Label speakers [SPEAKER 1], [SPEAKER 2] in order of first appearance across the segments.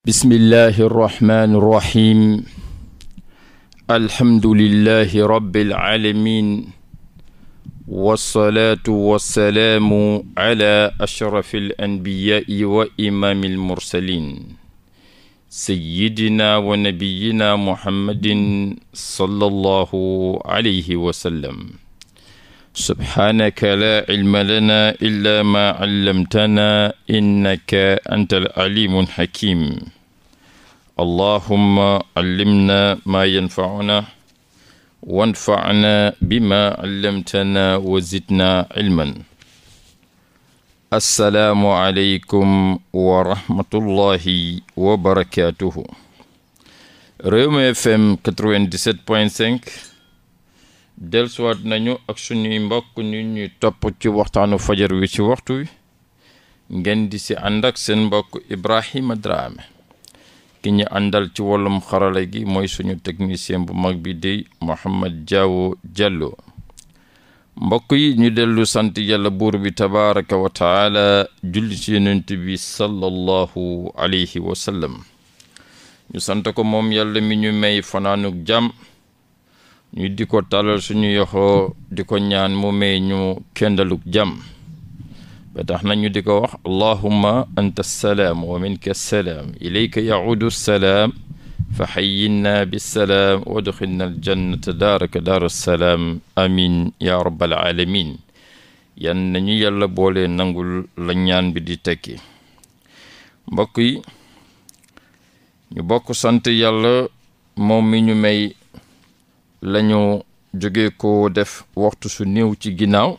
[SPEAKER 1] bismillahi arrahmani irrahim alhamdulilahi rabiilalamin walsalaatu walsalaamu ala ashrafi alanbiyaai wa imaami almursalin sayidina wa nabiyina muhammadin sallallahu alayhi wa sallam subhaanaka laa cilma lanaa illaa maa callamtanaa innaka antal caliimun xakiim allahumma callimnaa maa yanfacunaa wanfacnaa bimaa callamtanaa wa zidnaa cilman assalaamu aleykum wa rahmatullahi wa barakaatuhu Rewmi FM 97.5 dellusiwaat nañu ak suñuy mbokk ñu ñuy topp ci waxtaanu fajar wi ci waxtu wi ngeen di si ànd seen mbokk Ibrahima Drame ki ñu àndal ci wàllum xarala gi mooy suñu technicien bu mag bi dey Mohamed Diawo Diallo mbokk yi ñu dellu sant yàlla buur bi tabaraka wa taala julli ci yonent bi sallallahu alayhi wa ñu sant ko moom yàlla mi ñu may fanaanuk jàmm ñu di ko tàllal suñu yoxo di ko ñaan mu may ñu kendaluk jàmm ba tax na di ko wax allahumma anta salaam wa minka salaam ilayka yaudu salaam fa xayyinna bisalaam wa adxilna aljannata daaraka daaru salaam amin ya rabbal alamin yan nañu yàlla boole nangul la ñaan bi di tekki mbokk yi ñu bokk sant yàlla moom mi ñu may lañu jóge ko def waxtu su néew ci ginnaaw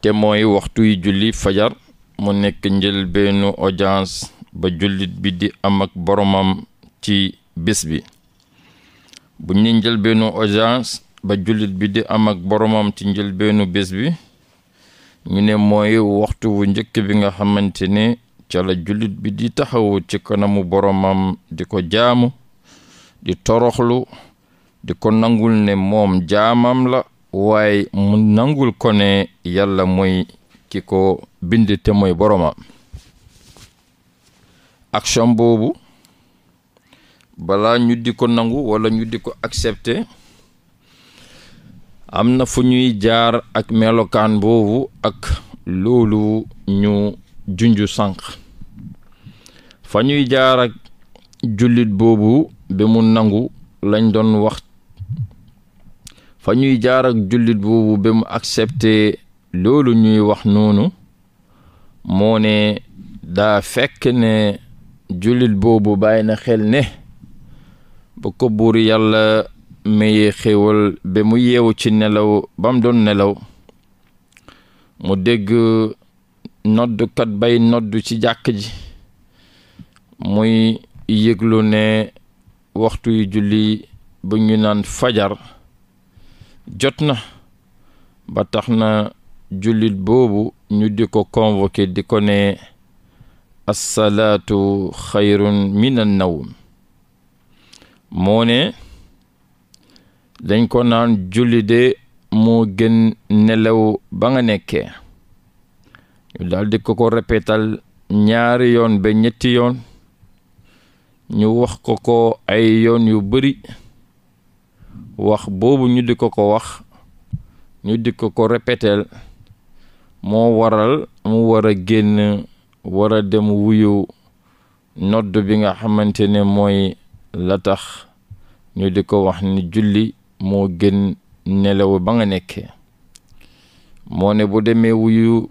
[SPEAKER 1] te mooy waxtu yi julli fajar mu nekk njëlbeenu audience ba jullit bi di am ak boromam ci bés bi bu ñu ba jullit bi di am ak boromam ci njëlbeenu bés bi ñu ne mooy waxtu wu njëkk bi nga xamante ne cala jullit bi di taxawu ci kanamu boromam di ko jaamu di toroxlu di ko nangul ne moom jaamam la waaye mu nangul ko ne yàlla mooy ki ko bind te mooy boroma action boobu balaa ñu di ko nangu wala ñu di ko accepter am na fu ñuy jaar ak melokaan boobu ak loolu ñu junju sànq fa ñuy jaar ak jullit boobu bi mu nangu lañ doon wax fa ñuy jaar ak jullit boobu ba mu accepté loolu ñuy wax noonu moo ne daa fekk ne jullit boobu bàyyi na xel ne ba ko buur yàlla mayee xéewal ba mu yeewu ci nelaw ba mu doon nelaw mu dégg noddukat bay noddu ci jàkk ji muy yëglu ne waxtu yu julli bu ñu naan fajar jot na ba tax na jullit boobu ñu di ko convoqué di ko ne assalaatu xayrun min an nawm moo ne dañ ko naan julli moo gën nelaw ba nga nekkee ñu daal ko ko repetal ñaari yoon ba ñetti yoon ñu wax ko ko ay yoon yu bari wax boobu ñu di ko ko wax ñu di ko ko répéteel moo waral mu wara génn wara dem wuyu nodd bi nga xamante ne mooy la tax ñu di ko wax ni julli moo gën nelaw ba nga nekkee moo ne bu demee wuyu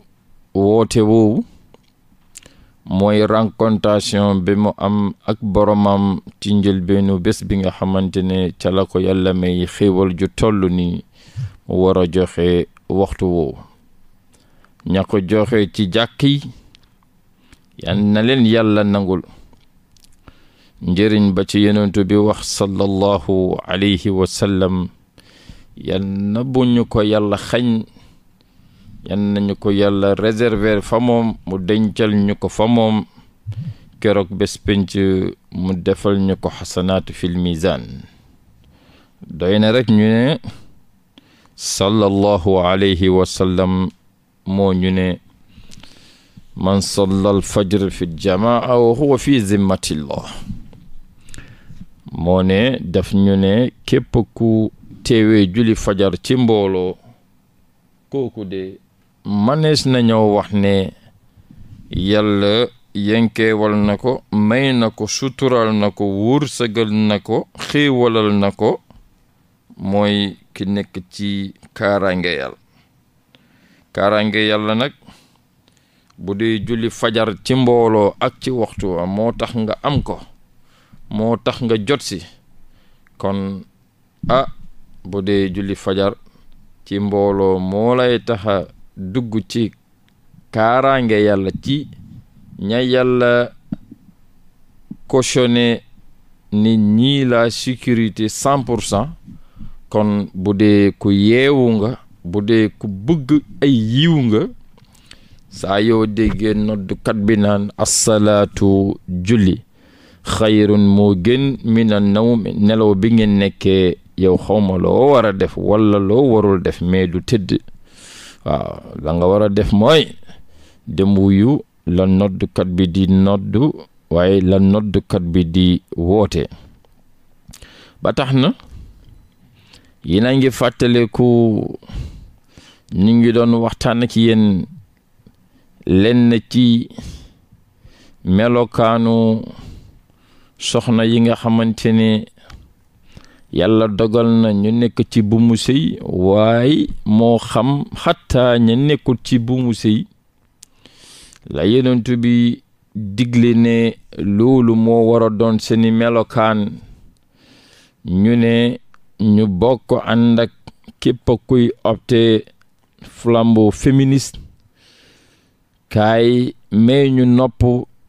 [SPEAKER 1] woote woowu mooy rencontation bi mu am ak boromam ci njëlbeenu bés bi nga xamante ne ca la ko yàlla may xéewal ju toll ni mu war joxe waxtu woowu ña joxe ci jàkk yi yal na leen yàlla nangul njëriñ ba ci yenentu bi wax sallallahu alayhi wa sallam na bu ko yàlla xañ yan nañu ko yàlla réserver fa moom mu dencal ñu ko fa moom keroog bés mu defal ñu ko xasanaatu fil mizan doy na rek ñu ne sallallahu alayhi wa moo ñu ne man salla alfajr fi jamaa wa huwa fi zimmatillah moo ne def ñu ne képp ku teewee juli fajar ci mbooloo kooku de manees nañoo wax ne yàlla yenkeewal na ko may na ko sutural na ko wërsëgal na ko xéewalal na ko mooy ki nekk ci kaaraange yàlla nag bu dee julli fajar ci mbooloo ak ci waxtu wa moo tax nga am ko moo tax nga jot si kon ah bu dee julli fajar ci mbooloo moo lay taxa dugg ci kaaraange yàlla ci ña yàlla cautionné ni ñii la sécurité cent cent kon bu dee ku yeewu bu dee ku bëgg ay yiw nga saa yoo déggee noddukat bi naan assalaatu julli xayrun moo gën mina nawm nelaw bi ngeen nekkee yow xawma loo war def wala loo warul def mais du tëdd waaw la war a def mooy dem yu la noddkat bi di noddu waaye la noddkat bi di woote ba tax na yéen a ngi fàttaleeku ñu ngi doon waxtaan ak yéen lenn ci melokaanu soxna yi nga xamante ne yàlla dogal na ñu nekk ci bu sëy waaye moo xam xattaa ñu nekkul ci bu mu sëy la yenentu bi digle ne loolu moo wara doon seeni melokaan ñu ne ñu bokk ànd ak képp kuy opte flambeau féministe kaay mais ñu nopp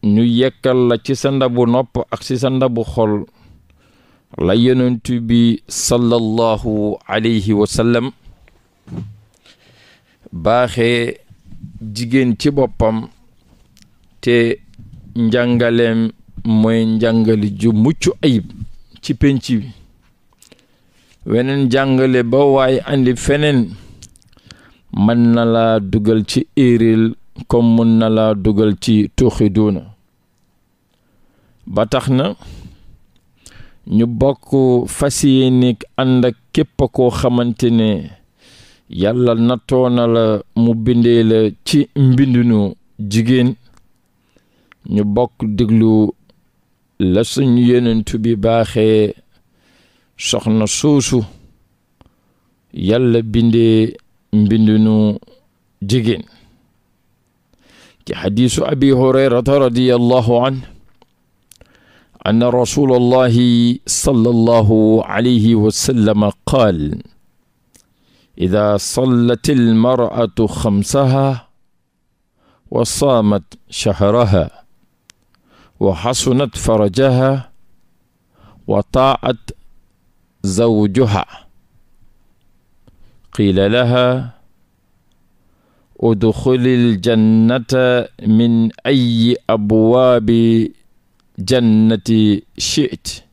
[SPEAKER 1] ñu yekkal la ci sa ndabu nopp ak ci sa ndabu xol la yonent bi sallallahu alayhi wa baaxe jigéen ci boppam te njàngaleem mooy njàngale ju mucc ayib ci penc bi weneen jàngale ba waaye andi feneen mën na laa dugal ci éeril comme mën na laa dugal ci tuuxi duuna ba tax na ñu bokk fas yéene ànd ak képp koo xamante ne yàlla nattoona la mu bindee la ci mbindunu jigéen ñu bokk déglu la suñu yenentu bi baaxee soxna soosu yàlla bindee mbindunu jigéen ci xadiisu abi hurayrata radiyallahu an anna rasulallahi sallallahu alayhi wa sallam qaal ida sallat almaratu xamsaha wa saamat shahraha wa xasunat farajaha wa taat zawjuha qiila laha udxuli ljannata min ayi abwaabi jannati chit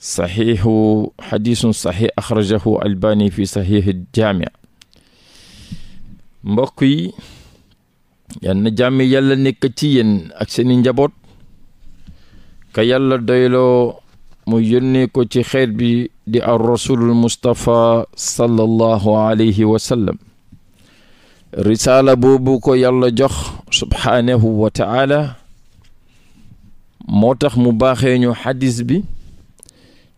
[SPEAKER 1] saxiixu xadisun saxiix axrajahu albani fi saxiixi jaami mbokk yi yan na jàmmi yàlla nekk ci yéen ak seni njaboot ka yàlla doyloo mu yónnee ko ci xeet bi di ar rasulul mustapha sallallahu alayhi wa sallam risaala ko yàlla jox subhaanahu wa moo tax mu baaxee ñu xadis bi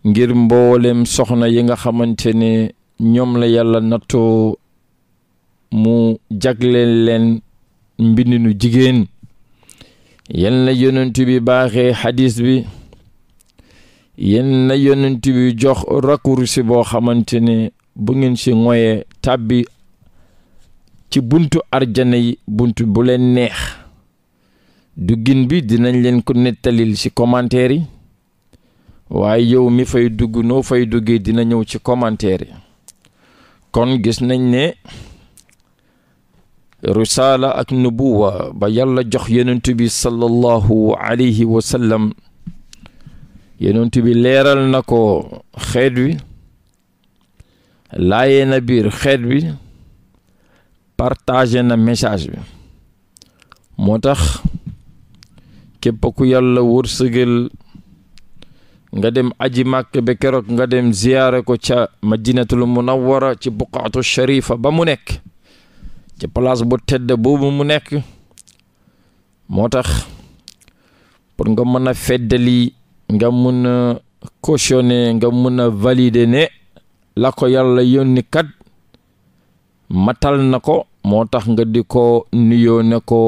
[SPEAKER 1] ngir mboolem soxna yi nga xamante ne ñoom la yàlla nattoo mu jagleel leen mbindinu jigéen yen la bi baaxee xadis bi yen la yonent bi jox raccourci boo xamante ne bu ngeen ci moyee tàbbi ci buntu arjana yi buntu bu leen neex duggin bi dinañ leen ko nettalil ci komanteer yi waaye yow mi fay dugg noo fay duggee dina ñëw ci commentaire yi kon gis nañ ne risaala ak nubuwa ba yàlla jox yonent bi sallallahu alayhi wa sallam bi leeral na ko xeet wi laayee na biir xeet bi partagé na message bi moo tax képp ku yàlla wërsëgal nga dem aji màkk ba keroog nga dem ziyaare ko ca madinatul munawwara ci buqaatu sharifa ba mu nekk ci place bu tedd boobu mu nekk moo tax pour nga mën a feddali nga mën a cautionner nga mën a valider ne la ko yàlla yónni kat matal na ko moo tax nga di ko nuyoo ko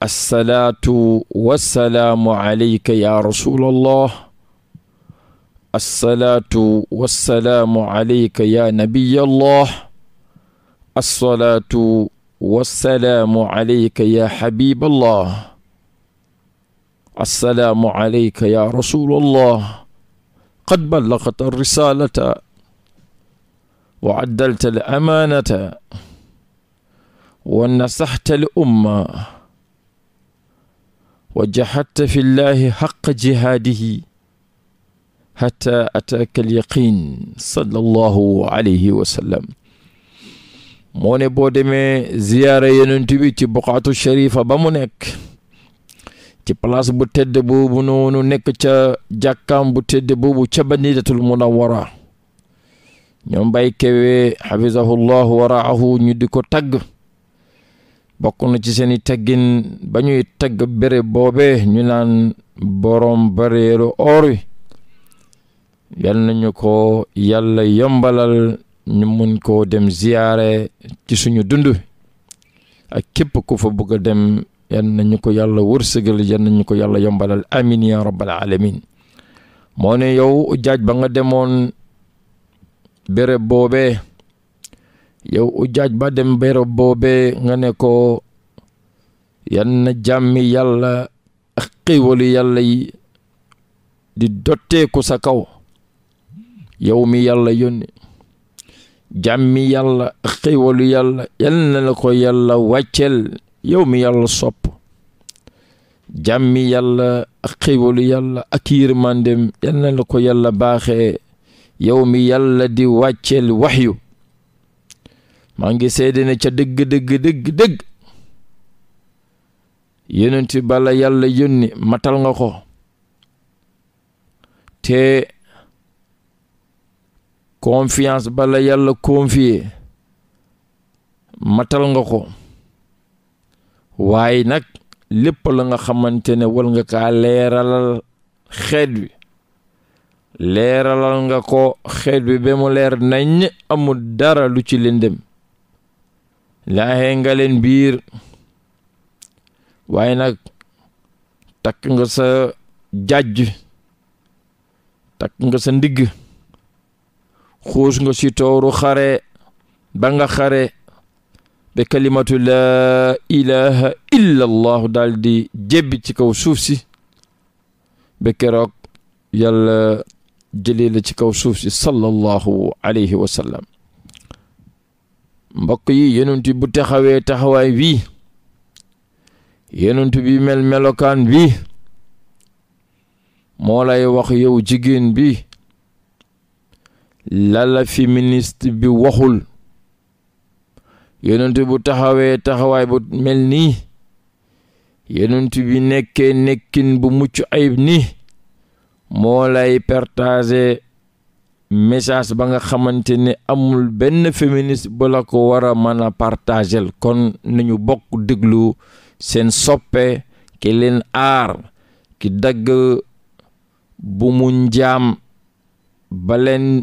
[SPEAKER 1] alsalaatu wassalaamu aaleyka ya rasul allah alsalaatu wassalaamu aaleyka ya nabiy allah alsalaatu wassalaamu aaleyka ya habib allah alsalaamu aaleyka ya rasul allah qad ballagta alrisalata wa addalta al amaanata wa nasaxta al umma wa jahadta fi llahi xaqa jihaadihi xata ataaka alyaqin sallallahu alayhi wa sallam boo demee ziyaara yonent bi ci buqaatu sharifa ba mu nekk ci place bu tedd boobu noonu nekk ca jàkkaam bu tedd boobu ca Madinatul Munawwara ñoom bay kewee xafizahu llahu waraahu ñu di ko tagg bokk na ci seeni teggin ba ñuy tagg bere boobe ñu naan borom bareeru or wi yal nañu ko yàlla yombalal ñu mun koo dem ziyaare ci suñu dund ak képp ku fa bëgg a dem yal nañu ko yàlla wërsëgal yal nañu ko yàlla yombalal amin ya rabbal alamin moo ne yow jaaj demoon bere boobee yow ujaaj ba dem béréb boobe nga ne ko yan na jàmmi yàlla ak yàlla yi di dotteeku sa kaw yow mi yàlla yónni jàmmi yàlla ak xéewalu yàlla yal ko yàlla wàcceel yow mi yàlla sopp jàmmi yàlla ak xéewalu yàlla ak yërmandem yal na ko yàlla baaxe yow mi yàlla di wàcceel waxyu maa ngi seede ne ca dégg dëgg dëgg dëgg yonent bi bala yàlla yónni matal nga ko te confiance bala yàlla confier matal nga ko waaye nag lépp la nga xamante ne wal nga kaa leeralal xeet wi leeralal nga ko xeet wi ba mu leer nañ amul dara lu ci leen laaxee nga biir waaye nag takk nga sa jàjj takk nga sa ndigg xuus nga si tooru xare ba xare ba kalimatu laa ilaha illa allahu di jébbi ci kaw suuf si ba keroog yàlla jëlee la ci kaw suuf si sallallahu alayhi wa mbokk yi yenentu bu taxawee taxawaay wii yenentu bi mel melokaan bi moo wax yow jigéen bi lala féministe bi waxul yenentu bu taxawee taxawaay bu mel nii yenentu bi nekkee nekkin bu mucc ayib ni moo lay message ba nga xamante ne amul benn féministe ba ko war a mën a partagel kon nañu bokk déglu seen soppe ki leen aar ki dagg bu mu njaam ba leen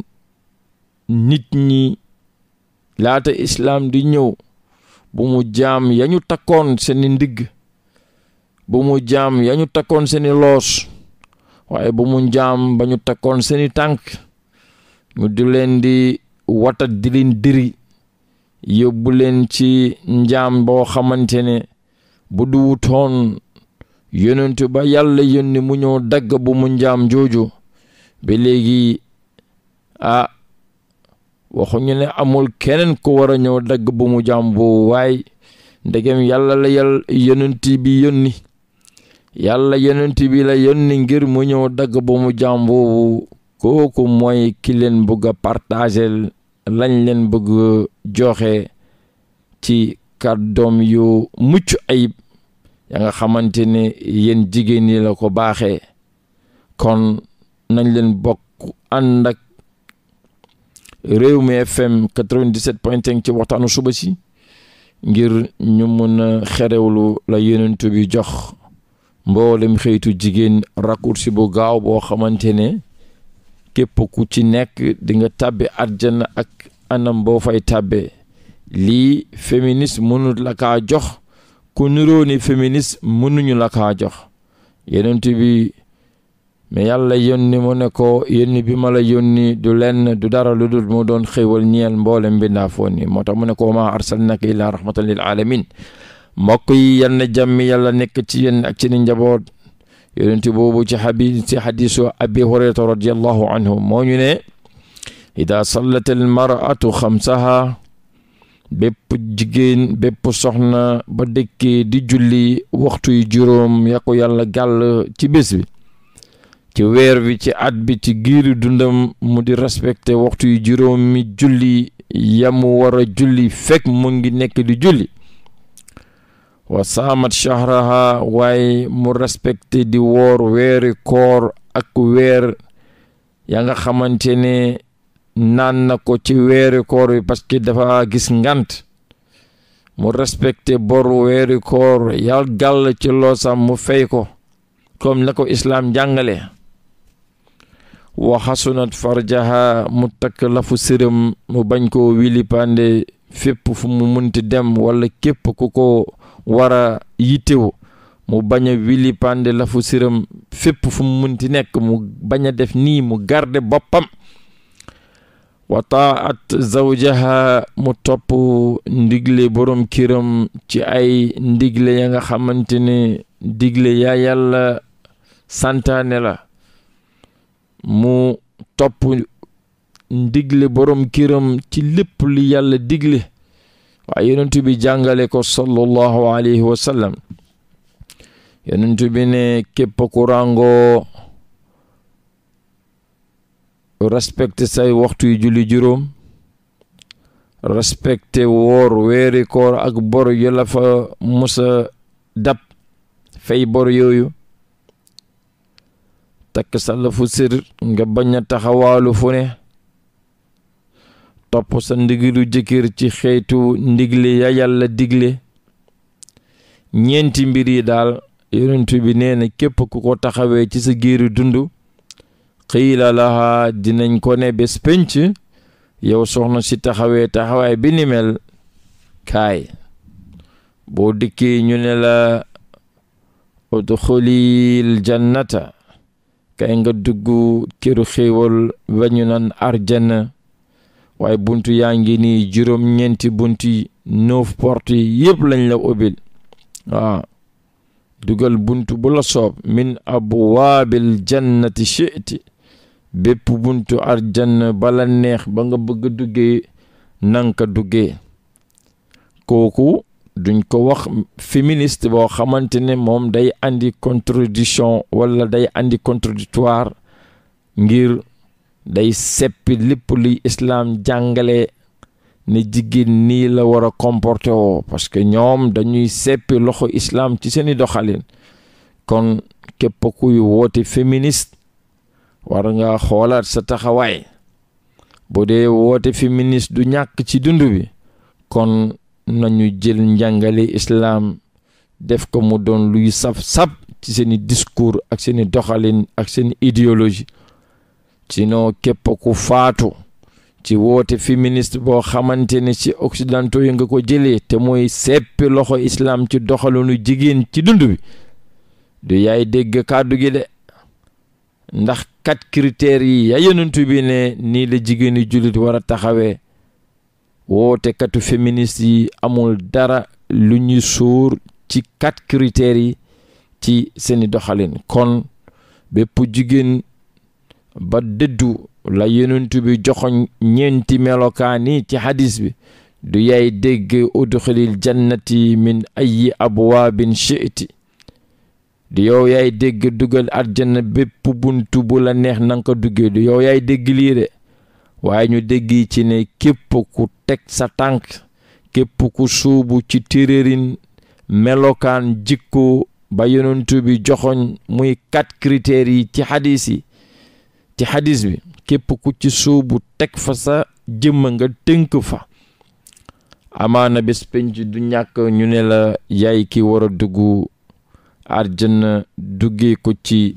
[SPEAKER 1] nit ñi laata islaam di ñëw bu mu jaam yañu takkoon seeni ndigg bu mu jaam yañu takkoon seeni loos waaye bu mu jaam ba ñu takkoon seeni tànk mu di leen di watat di diri yóbbu leen ci njam boo xamante ne bu duwutoon yonentu ba yàlla yónni mu ñëw dagg bu mu njaam jooju ba léegi ah waxuñu ne amul keneen ku war a ñëw dagg bu mu jaam boobu waaye ndegem yàlla la yàlla yonenti bi yónni yàlla yonenti bi la yónni ngir mu ñëw dagg bu mu jaam boobu kooku mooy ki leen bëgg a partager lañ leen bëgg joxe ci doom yu mucc ayib ya nga xamante ne yéen jigéen ñi la ko baaxe kon nañ leen bokk ànd ak réew mi FM 97.5 ci waxtaanu suba si ngir ñu mën a xerewlu la yenentu bi jox mboolem xëytu jigéen raccourci bu gaaw boo xamante ne képp ku ci nekk di nga tàbbi arjana ak anam boo fay tàbbee lii féministe mënul la kaa jox ku niroo ni féministe mënuñu la kaa jox yonent bi mais yàlla yónni mu ne ko yónni bi ma la yónni du lenn du dara lu dul mu doon xéewal ñeel mboole mbindaafoon ni moo tax mu ne ko ma arsalnaka illaa rahmatan lil mbokk yi yal na jàmmi yàlla nekk ci yéen ak ci njaboot yonent boobu ci xabi ci xadisu abi hurayrata radiallahu anhu moo ñu ne ida sallat almaratu xamsaha bépp jigéen bépp soxna ba dëkkee di julli waxtu yu juróom ya ko yàlla gàll ci bés bi ci weer bi ci at bi ci giiru dundam mu di respecté waxtu yu juróom mi julli yamu war a julli fekk mu ngi nekk di julli wa saamat shahraha waaye mu respecté di woor weeri koor ak weer ya nga xamante ne naan na ko ci weeri koor bi parce que dafa gis ngant mu respecté bor weeri koor yal gàll ci loosam mu fay ko comme la ko islaam jàngale wa xasunat farjaha mu takk lafu sërëm mu bañ ko wili pande fépp fu mu munti dem walla képp ku ko wara a yittewu mu bañ a wili pande la fu munti nekk mu bañ a def nii mu garde boppam wa taat zawjaha mu topp ndigle borom kiram ci ay ndigle ya nga xamante ne digle yaa yàlla santaane la mu topp ndigle borom kiram ci lépp li yàlla digle waaye yonent bi jàngale ko sallallahu alayhi wa sallam yonent ne képp ku ràngoo respecté say waxtu yu julli juróom respecté woor weeri koor ak bor yu la fa musa dab fay bor yooyu takk sàlla fu sir nga bañ a taxawaalu fu ne topp sa ndigalu jëkkër ci xeetu ndigle ya yàlla digle ñeenti mbir yi daal yonent bi nee képp ku ko taxawee ci sa géeru dund xiila lahaa dinañ kone ne bés yow soxna si taxawee taxawaay bi ni mel kaay boo dikkee ñu ne la udxulil jannata kay nga dugg këru xéewal ba naan arjana waaye bunt yaa ngi nii juróom-ñeenti buntu yi neuf yi yëpp lañ la obil waaw dugal buntu bu la soob min abwaabil jannati chiti bépp buntu arjanna bala neex ba nga bëgg duggee nanka duggee kooku duñ ko wax féministe boo xamante ne moom day andi contradiction wala day indi contradictoire ngir day seppi lépp luy islaam jàngale ne jigéen nii la war a comporté woo parce que ñoom dañuy seppi loxo islaam ci seeni doxalin kon képp kuy woote féministe war nga xoolaat sa taxawaay bu dee woote féministe du ñàkk ci dund bi kon nañu jël njàngale islaam def ko mu doon luy saf-saf ci seeni discours ak seeni doxalin ak seeni idéologie ci noo képp ku faatu ci woote féministe boo xamante ne ci occidentaux yi nga ko jëlee te mooy seppi loxo islaam ci doxalinu jigéen ci dund bi du yaay dégg kàddu gi de ndax kat critères yi ya yonentu bi ne nii la jigéeni jullit wara taxawee woote katu féministe yi amul dara lu ñu suur ci kat critères yi ci seeni doxalin kon bépp jigéen ba dëddu la yonent bi joxoñ ñeenti melokaani ci xadis bi du yaay dégg udxilil jannati min ayi abwaabin shi'ti du yow yaay dégg dugal àjjana bépp buntu bu la neex nanga ko duggee du yow yaay dégg lii waaye ñu dégg ci ne képp ku teg sa tànk képp ku suubu ci téréerin melokaan jikko ba yonent bi joxoñ muy quatre critères yi ci xadis yi ci xadis bi képp ku ci suubu teg fa sa jëmma nga tënk fa amaana bés penc du ñàkk ñu ne la yaay ki war a dugg àjjana duggee ko ci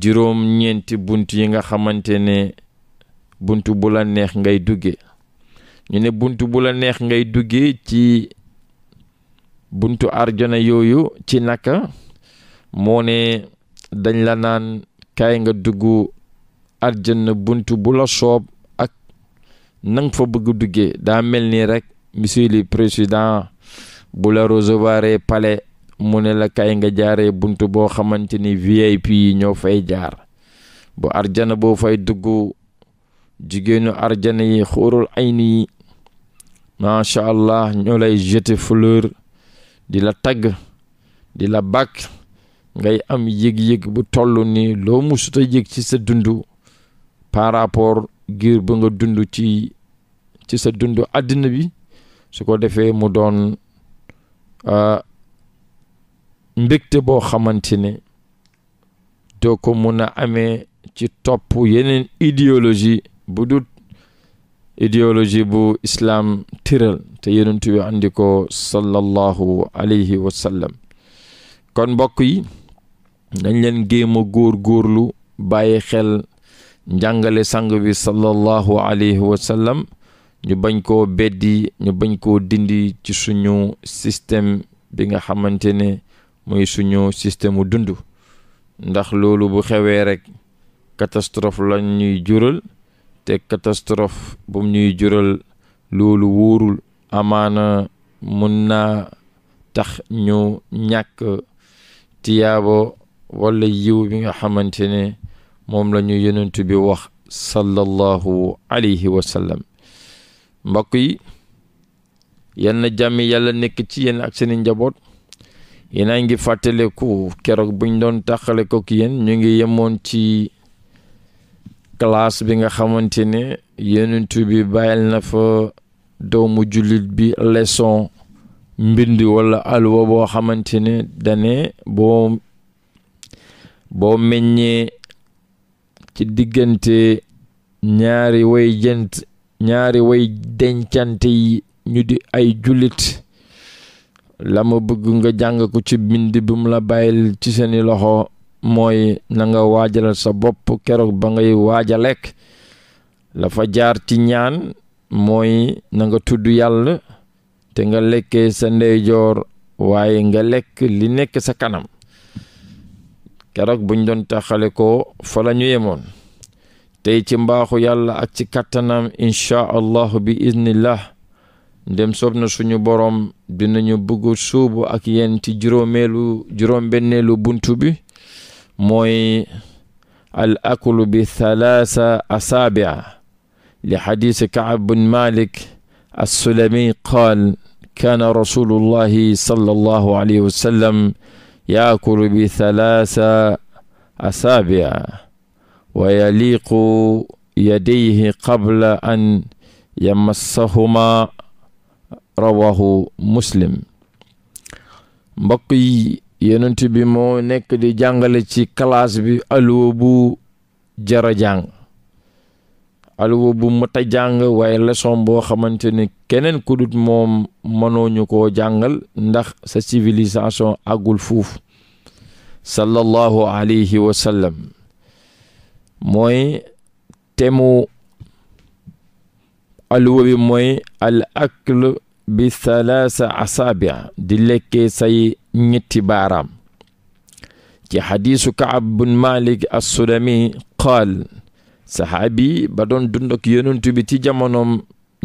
[SPEAKER 1] juróom ñeenti bunt yi nga xamante ne bunt bu la neex ngay duggee ñu ne bunt bu la neex ngay duggee ci buntu àjjana yooyu ci naka moo ne dañ la naan kaay nga dugg àjjana bunt bu la soob ak nang fa bëgg duggee daa mel nii rek monsieur le président bu la recevoir palais mu ne la kay nga jaaree bunt boo xamante ni VIP yi ñoo fay jaar bu arjana boo fay dugg jigéenu arjana yi xóorul ayni yi macha allah ñoo lay jete fleur di la tagg di la bàkk ngay am yëg-yëg bu toll nii loo musuta yëg ci sa dundu par rapport giir ba nga dund ci ci sa dund àddina bi su ko defee mu doon mbégte boo xamante ne doo ko mun a amee ci topp yeneen idéologie bu dut idéologie bu islaam tiral te yenentu bi andi ko sallallahu alayhi wa kon mbokk yi dañ leen géem góor góorlu bàyyi xel njàngale sang bi sallallahu alayhi wa ñu bañ koo beddi ñu bañ koo dindi ci suñu système bi nga xamante ne mooy suñu système mu dund ndax loolu bu xewee rek catastrophe la ñuy jural te catastrophe bu ñuy jural loolu wóorul amaana mun naa tax ñu ñàkk tiyaabo walla yiw bi nga xamante ne moom la ñu bi wax sallallahu alayhi wa sallam mbokk yi yenn jàmmi yàlla nekk ci yéen ak seeni njaboot yéenaa ngi fàttaleku keroog buñ doon tàqale ko ki yéen ñu ngi yemoon ci classe bi nga xamante ne yonent bi bàyyil na fa doomu jullit bi leson mbind wala alwa boo xamante ne dane boo boo meññee ci diggante ñaari way jent ñaari way dencante yi ñu di ay jullit la ma bëgg nga jàng ko ci bind bi mu la bàyyil ci seeni loxo mooy nanga nga sa bopp keroog ba ngay waaja lekk la fa jaar ci ñaan mooy nanga tudd yàlla te nga lekkee sa ndeyjoor waaye nga lekk li nekk sa kanam keroog buñ doon taxale ko fa ñu yemoon tey ci mbaaxu yàlla ak ci kàttanam inchaa allahu bi iznillah ndem soob na suñu boroom nañu bëgg suubu ak yéen ci juróom-benneelu buntu bi mooy al bi thalaasa asaabia li xadiisi kaab bin malik assulami qaal kaana rasulullahi sallallahu alayhi wa sallam yaakulu bi thalaasa asaabia wa yaliqu yadayhi qabla an yamassahuma rawahu muslim mbokk yi yonent bi moo nekk di jàngale ci classe bi alluwa bu jara jàng alwa bu mat a jàng waaye leçon boo xamante ne keneen ku dut moom mënooñu koo jàngal ndax sa civilisation agul fuufu sallallahu alayhi wa sallam mooy temu alwa bi mooy al akl bi thalaasa asaabia di lekkee say ñetti baaraam ci xadiisu kaab bun malik as-sulami qaal saxaabi ba doon dund ak yonent bi ci jamonoom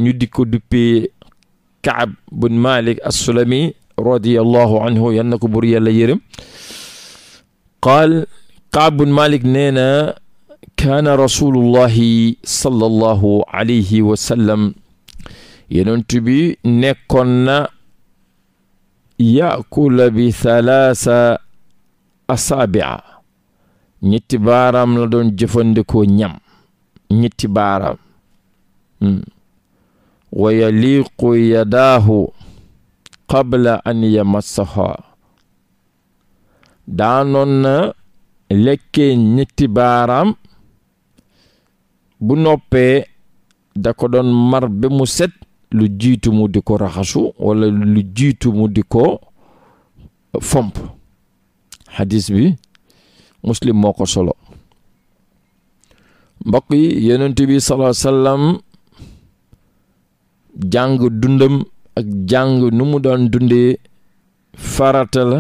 [SPEAKER 1] ñu di ko duppee Kaab bun Malik as-Sulami radiyallahu anhu yan na ko buur yàlla yërëm qaal Kaab bun Malik nee na kaana rasulullahi sallallahu alayhi wa sallam bi nekkoon na yaakula bi thalaasa asaabi'a ñetti baaraam la doon jëfandikoo ñam ñetti baaraam hmm. wa yaliqu yadaahu qabla an yamassaha daanoon na lekkee ñetti baaraam bu noppee da ko doon mar ba mu set lu jiitu mu di ko raxasu walla lu jiitu mu di ko fomp xadis bi muslim moo ko solo mbokk yi yonent bi sallallahu jàng dundam ak jàng nu mu doon dundee farata la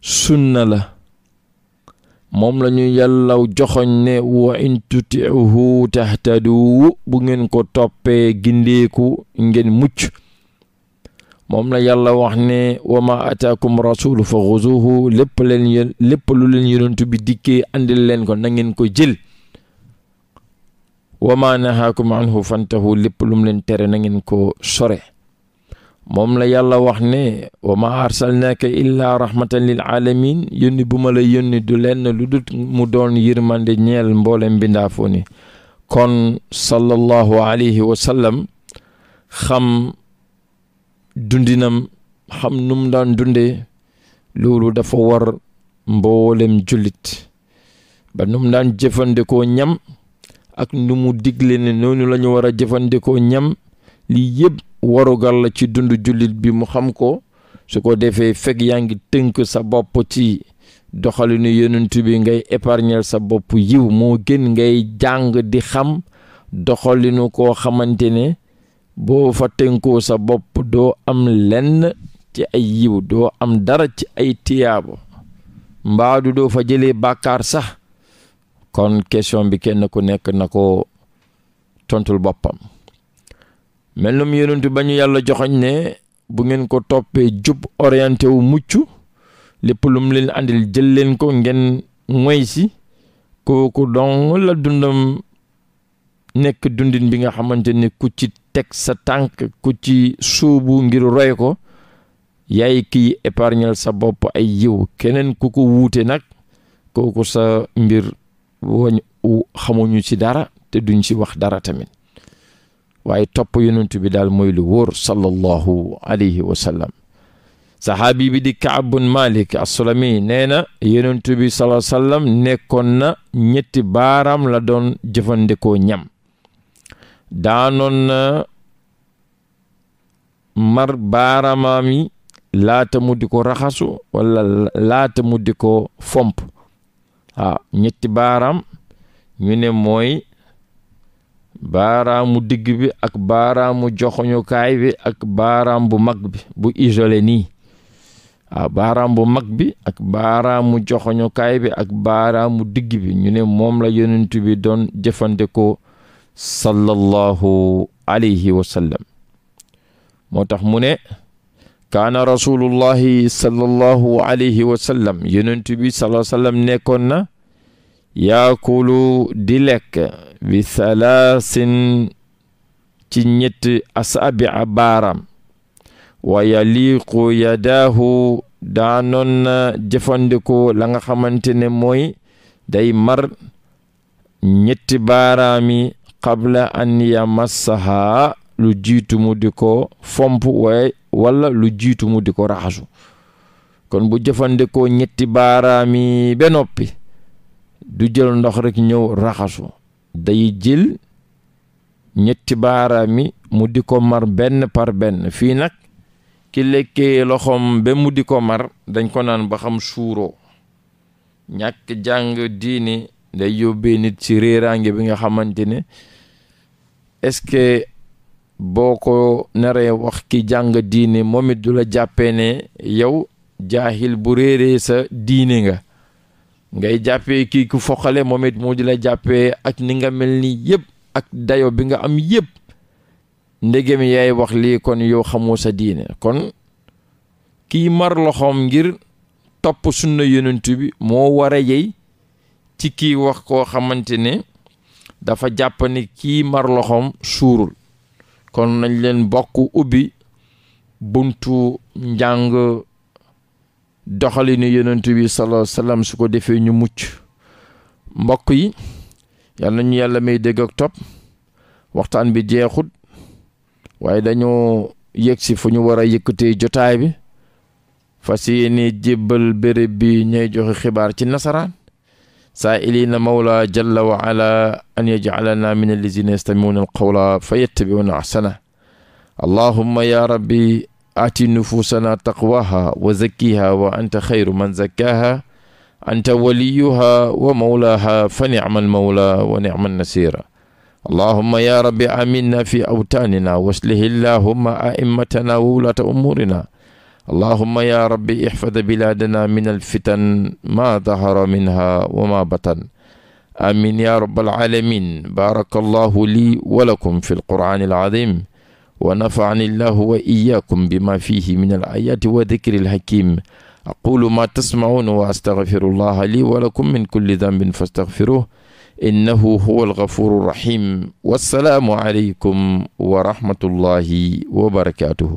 [SPEAKER 1] sunna la moom la ñu yàllaw joxoñ ne wa in tutiuhu tahtadu bu ngeen ko toppee gindeeku ngeen mucc moom la yàlla wax ne wa ma ataakum rasulu fa xuzuhu lépp leen lépp bi dikkee andil leen ko na ngeen ko jël wa ma nahaakum anhu fantahu lépp lu mu leen tere na ngeen ko sore moom la yàlla wax ne wa ma arsalnaaka illaa rahmatan lil aalamin yónni bu ma la yónni du lenn lu dut mu doon yërmande ñeel mboolem mbindaafoo ni kon sallallahu alayhi wa xam dundinam xam nu daan dundee loolu dafa war mboolem jullit ba nu mu daan jëfandikoo ñam ak nu mu digle ne noonu lañu ñu war a jëfandikoo ñam lii yëpp warugal la ci dund jullit bi mu xam ko su ko defee fekk yaa ngi tënk sa bopp ci doxalinu yonent bi ngay épargnel sa bopp yiw moo gën ngay jàng di xam doxalinu koo xamante ne boo fa tënkoo sa bopp doo am lenn ci ay yiw doo am dara ci ay tiyaabo mbaadu doo fa jëlee bàkkaar sax kon question bi kenn ko nekk na ko tontul boppam mel num yonentu ba ñu yàlla joxañ ne bu ngeen ko toppee jub orienté wu mucc lépp lum leen andil jël leen ko ngeen moy si kooku dong la dundam nekk dundin bi nga xamante ne ku ci teg sa tànk ku ci suubu ngir roy ko yaay kiy épargnel sa bopp ay yiw keneen ku ko wuute nag kooku sa mbir wañ xamuñu ci dara te duñ ci wax dara tamit waaye topp yonent bi daal mooy lu wóor sallallahu alayhi wa sahaabi bi di kaabun malik assulami nee na yonent bi sallallahu sallam nekkoon na ñetti baaraam la doon jëfandikoo ñam daanoon na mar baaraamaam yi laata mu ko raxasu wala laata mu ko fomp waaw ah, ñetti baaraam ñu ne mooy baaraamu digg bi ak baaraamu joxoñukaay bi ak baaraam bu mag bi bu isolé nii waaw ah, baaraam bu mag bi ak baaraamu joxoñukaay bi ak baaraamu digg bi ñu ne moom la yonent bi doon jëfandikoo sallallahu alayhi wa sallam moo tax mu ne kaana rasulullahi sallallahu alayhi wa sallam yonent bi sallallahu sallam nekkoon na yaakulu di lekk bi thalaasin ci ñetti asaabi a baaram wa yaliqu yadaahu daanoon na jëfandikoo la nga xamante ne mooy day mar ñetti baaraami qabla an yamassaha lu jiitu mu di ko fomp waaye walla lu jiitu mu di ko raxasu kon bu jëfandikoo ñetti baaraam yi noppi du jël ndox rekk ñëw raxasu day jël ñetti baaraam yi mu di ko mar benn par benn fii nag ki lekkee loxom ba mu di ko mar dañ ko naan ba xam suuroo ñàkk jàng diini day yóbbee nit ci réeraange bi nga xamante ne boo ko naree wax ki jàng diine moom du la jàppee ne yow jaaxil bu réeree sa diine nga ngay jàppee kii ku foqale moom moo di la jàppe ak ni nga mel ni yépp ak dayo bi nga am yépp ndegem yaay wax lii kon yow xamoo sa diine kon kii mar loxoom ngir topp sunna yonent bi moo war a yey ci kii wax koo xamante ne dafa jàpp ni kii mar loxoom suurul kon nañ leen bokk ubbi buntu njàng doxalinu yonent bi sallallahu alayhi wasallam su ko defee ñu mucc mbokk yi yal nañu yàlla may dégg ak topp waxtaan bi jeexut waaye dañoo yëg si fu ñu war a yëkkatee jotaay bi fas yéene jébbal béréb bi ñay joxe xibaar ci nasaraan saa'iliina mawla jalla wa ala an yaj'alana min allazina yastami'una alqawla fa yattabi'una ahsana allahumma ya rabbi aati nufuusana taqwaha wa zakkiha wa anta xayru man zakkaaha anta waliyuha wa mawlaaha fa nicma almawla wa nicma annasiira allahumma ya rabbi aminna fi awtaanina waslih allahumma a'immatana wa wulaata umuurina allahuma ya rabbi ixfad bilaadana min alfitan ma dahara minha wa ma batan amin ya rabbal alamin baraka allahu lii wa lakum fi alqur'ani alazim wa nafa'ani allahu wa iyyakum bima fihi min alayati wa dhikri alhakim aqulu ma tasma'un wa astaghfiru allaha lii wa lakum min kulli dhanbin fastaghfiruh innahu huwa alghafuru rahim wassalaamu aleykum wa rahmatullahi wa barakatuhu